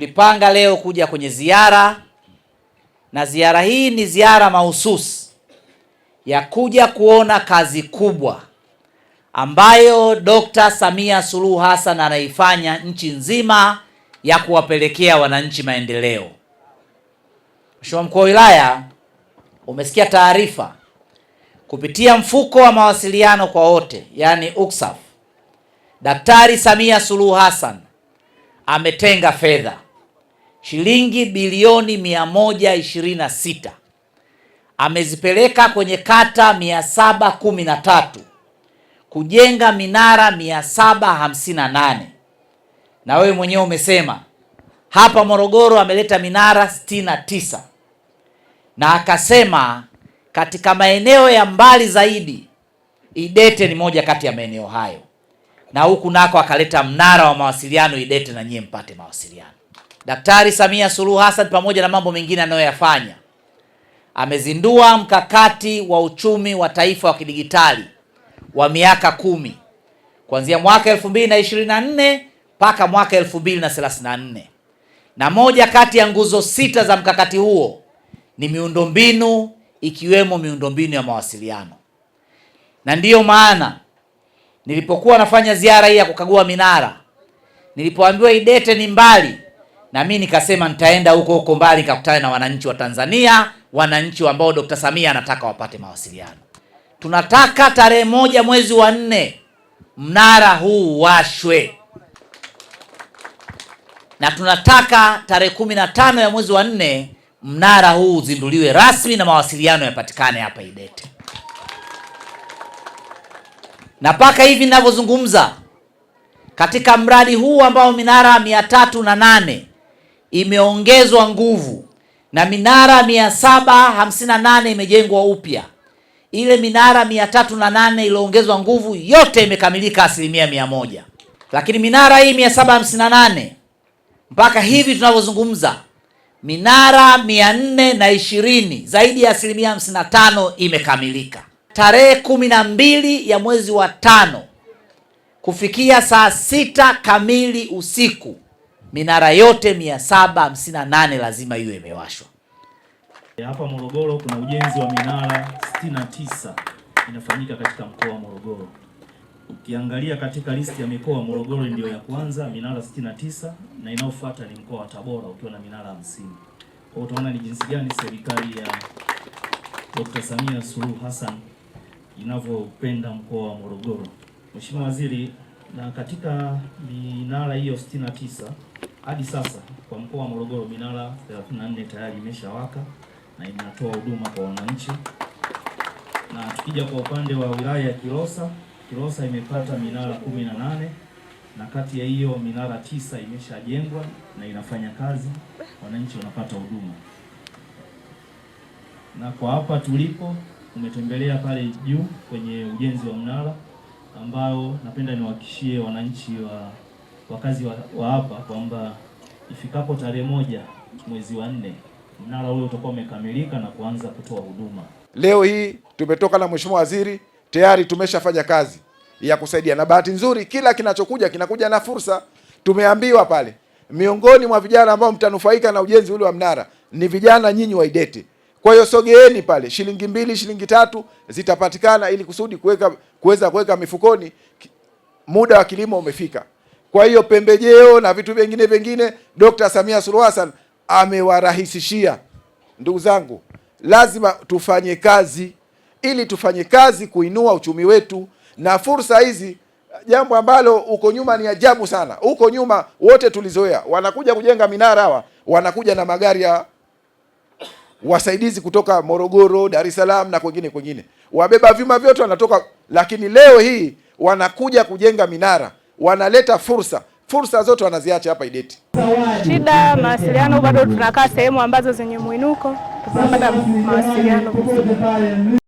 tulipanga leo kuja kwenye ziara, na ziara hii ni ziara mahususi ya kuja kuona kazi kubwa ambayo Dr. Samia Suluhu Hassan anaifanya nchi nzima ya kuwapelekea wananchi maendeleo. Mheshimiwa mkuu wa wilaya, umesikia taarifa kupitia mfuko wa mawasiliano kwa wote, yaani UCSAF, Daktari Samia Suluhu Hassan ametenga fedha shilingi bilioni 126 amezipeleka kwenye kata 713 kujenga minara 758 na wewe mwenyewe umesema hapa Morogoro ameleta minara 69 na akasema katika maeneo ya mbali zaidi Idete ni moja kati ya maeneo hayo, na huku nako akaleta mnara wa mawasiliano Idete na nyie mpate mawasiliano. Daktari Samia Suluhu Hassan pamoja na mambo mengine anayoyafanya, amezindua mkakati wa uchumi wa taifa wa kidigitali wa miaka kumi kuanzia mwaka 2024 mpaka mwaka 2034, na moja kati ya nguzo sita za mkakati huo ni miundombinu ikiwemo miundombinu ya mawasiliano. Na ndiyo maana nilipokuwa nafanya ziara hii ya kukagua minara, nilipoambiwa Idete ni mbali na mimi nikasema nitaenda huko huko mbali nikakutana na wananchi wa Tanzania, wananchi ambao Dr. Samia anataka wapate mawasiliano. Tunataka tarehe moja mwezi wa nne mnara huu washwe, na tunataka tarehe kumi na tano ya mwezi wa nne mnara huu uzinduliwe rasmi na mawasiliano yapatikane hapa Idete. Na mpaka hivi ninavyozungumza katika mradi huu ambao minara mia tatu na nane imeongezwa nguvu na minara 758 nane imejengwa upya. Ile minara mia na nane iliongezwa nguvu yote imekamilika asilimia mia moja, lakini minara hii mia na nane mpaka hivi tunavyozungumza minara mia na ishirini zaidi ya asilimia 55 tano imekamilika. Tarehe kumi na mbili ya mwezi wa tano kufikia saa sita kamili usiku minara yote 758 lazima iwe imewashwa. Hapa Morogoro kuna ujenzi wa minara 69 inafanyika katika mkoa wa Morogoro. Ukiangalia katika listi ya mikoa Morogoro ndiyo ya kwanza minara 69 na inayofuata ni mkoa wa Tabora ukiwa na minara 50. Kwa utaona ni jinsi gani serikali ya Dr. Samia Suluhu Hassan inavyopenda mkoa wa Morogoro. Mheshimiwa Waziri, na katika minara hiyo 69 hadi sasa kwa mkoa wa Morogoro minara 34 tayari imeshawaka na inatoa huduma kwa wananchi, na tukija kwa upande wa wilaya ya Kilosa, Kilosa imepata minara 18 na kati ya hiyo minara tisa imeshajengwa na inafanya kazi, wananchi wanapata huduma. Na kwa hapa tulipo, umetembelea pale juu kwenye ujenzi wa mnara ambao napenda niwahakikishie wananchi wa wakazi wa hapa kwamba ifikapo tarehe moja mwezi wa nne mnara huo utakuwa umekamilika na kuanza kutoa huduma. Leo hii tumetoka na mheshimiwa waziri, tayari tumeshafanya kazi ya kusaidia, na bahati nzuri kila kinachokuja kinakuja na fursa. Tumeambiwa pale miongoni mwa vijana ambao mtanufaika na ujenzi ule wa mnara ni vijana nyinyi wa Idete. Kwa hiyo sogeeni pale, shilingi mbili, shilingi tatu zitapatikana ili kusudi kuweka kuweza kuweka mifukoni. Muda wa kilimo umefika. Kwa hiyo pembejeo na vitu vingine vingine, Dkt. Samia Suluhu Hassan amewarahisishia. Ndugu zangu, lazima tufanye kazi ili tufanye kazi kuinua uchumi wetu na fursa hizi, jambo ambalo huko nyuma ni ajabu sana. Huko nyuma wote tulizoea, wanakuja kujenga minara hawa, wanakuja na magari ya wasaidizi kutoka Morogoro, Dar es Salaam na kwengine kwengine, wabeba vyuma vyote wanatoka, lakini leo hii wanakuja kujenga minara wanaleta fursa, fursa zote wanaziacha hapa Idete. Shida mawasiliano, bado tunakaa sehemu ambazo zenye mwinuko, tunapata mawasiliano